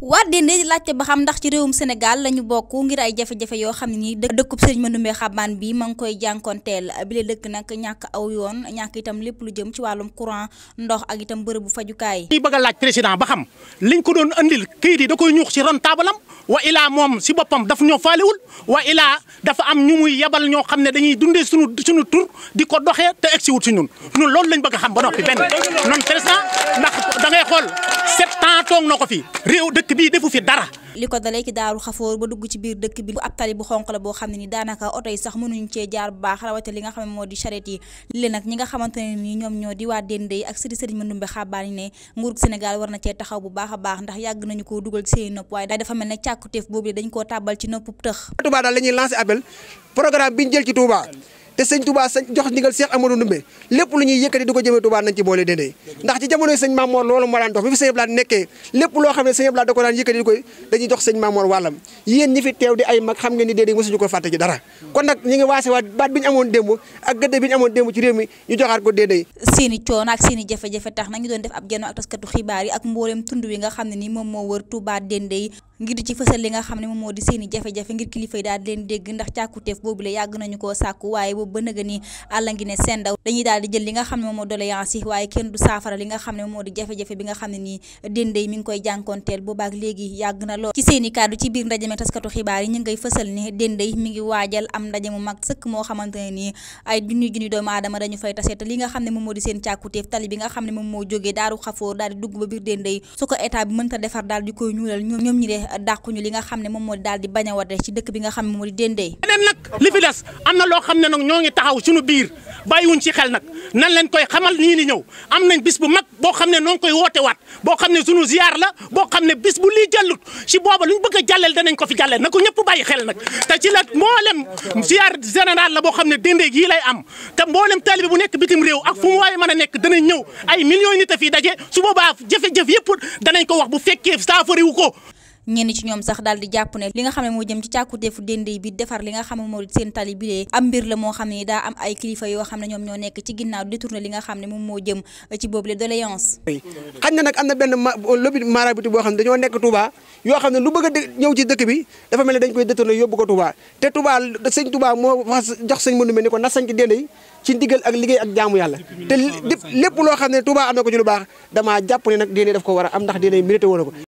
Wade ne laajte ba xam ndax ci réewum Sénégal lañu bokk ngir ay jafe-jafe yoo xam ne nii dëkkub sëriñ Mandoumbe Xabane bi ma ngi koy jànkonteel bile dëkk nag ñàkk aw yoon ñàkk itam lépp lu jëm ci wàllum courant ndox ak itam bërëbu fajukaay. ñuy bëgg a laaj président ba xam liñ ko doon andil kayit yi da koy ñuux ci ron taabalam wa ilaa moom si boppam daf ñoo faalewul wa ilaa dafa am ñu muy yebal ñoo xam ne dañuy dundee suñu suñu tur di ko doxee te egg si wut si ñun ñun loolu lañ bëgg a xam ba noppi benn non président ndax da ngay xool sept toog na ko fi réew dëkk bii defu fi dara li ko dalee ci daaru xafoor ba dugg ci biir dëkk bi bu ab tali bu xonq la boo xam ne ni daanaka oto yi sax mënuñ cee jaar bu baax rawate li nga xam ne moo di charrette nga xamante ne ni ñoom ñoo di waa dende yi ak war na cee taxaw bu baax a baax ndax yàgg nañu koo dugal ci seen nopp waaye daay dafa mel ne càkkuteef boobu dañ koo tàbbal ci nopp tëx Touba daal appel programme bi jël ci Touba te sëñ Touba sañ jox ndigal Cheikh Amadou Ndoumbé lépp lu ñuy yëkkati di ko jëmee Touba nañ ci boole dendee ndax ci jamonoy sëñ Mamor loolu moo daan lépp loo xam ne sëñ Ablaat da ko daan yëkkati fi teew ay mag xam ngeen ni déedéet mosuñu ko fàtte ci dara kon nag ñi ngi waase waat bi ñu amoon démb ak gëdd bi ko dendee seeni coono ak seeni jafe-jafe tax nañu doon def ab genn ak taskatu xibaar yi ak mbooleem tund wi nga xam ne ni moom moo wër Touba dendee ngir di ci fësal li ne moom moo di seeni jafe-jafe kilifa yi daal dégg ndax càkkuteef boobu la yàgg nañu koo sàkku waaye boobu ba nëga ni àlla ngi ne seen daw dañuy daal di jël li nga xam ne moom moo doléance yi waaye kenn du saafara li nga xam ne moom moo di jafe-jafe bi nga xam ne ñu fay tase li nga xam ne moom moo di seen càkkutéef tali bi nga xam ne moom moo jógee daaru xafoor daal di dugg ba biir ko état bi mënta defar daal di nga xam ne moom moo di daal di bañ a wate ci dëkk bi nga xam ne moom moo di déndey ñoo ngi taxaw suñu biir bàyyiwuñ ci xel nag nan lañ koy xamal nii ni ñëw am nañ bis bu mag boo xam ne noo koy woote waat boo xam ne sunu ziar la boo xam ne bis bu lii jàllut si booba lu bëgg a jàlleel danañ ko fi jàlleel na ko ñëpp bàyyi xel nag te ci la mboolem ziar général la boo xam ne déndéeg yii lay am te mboolem taalibe bu nekk bitim réew ak fu mu waaye mën a nekk danañ ñëw ay millions nit a fii daje su boobaa jafe-jafe yëpp danañ ko wax bu fekkee saafariwu ko ñenn ci ñoom sax daal di jàpp ne li nga xam ne moo jëm ci càkkuteefu dendey bi defar li nga xam ne moo seen tali am mbir la moo xam ne daa am ay kilifa yoo xam ne ñoom ñoo nekk ci ginnaaw détourné li nga xam ne moom moo jëm ci boobu le na nag na benn lobby marabouti boo xam ne dañoo nekk Touba yoo xam ne lu bëgg a ñëw ci dëkk bi dafa mel ne dañ koy détourné yóbbu ko Touba te Touba sëñ Touba moo jox sëñ mënu mel ni ko na sañ ci dendey ci ndigal ak liggéey ak jaamu yàlla te lépp loo xam ne tubaa am na ko ci lu baax damaa jàpp ne nag d ko war a am ndax diine mérité woon ko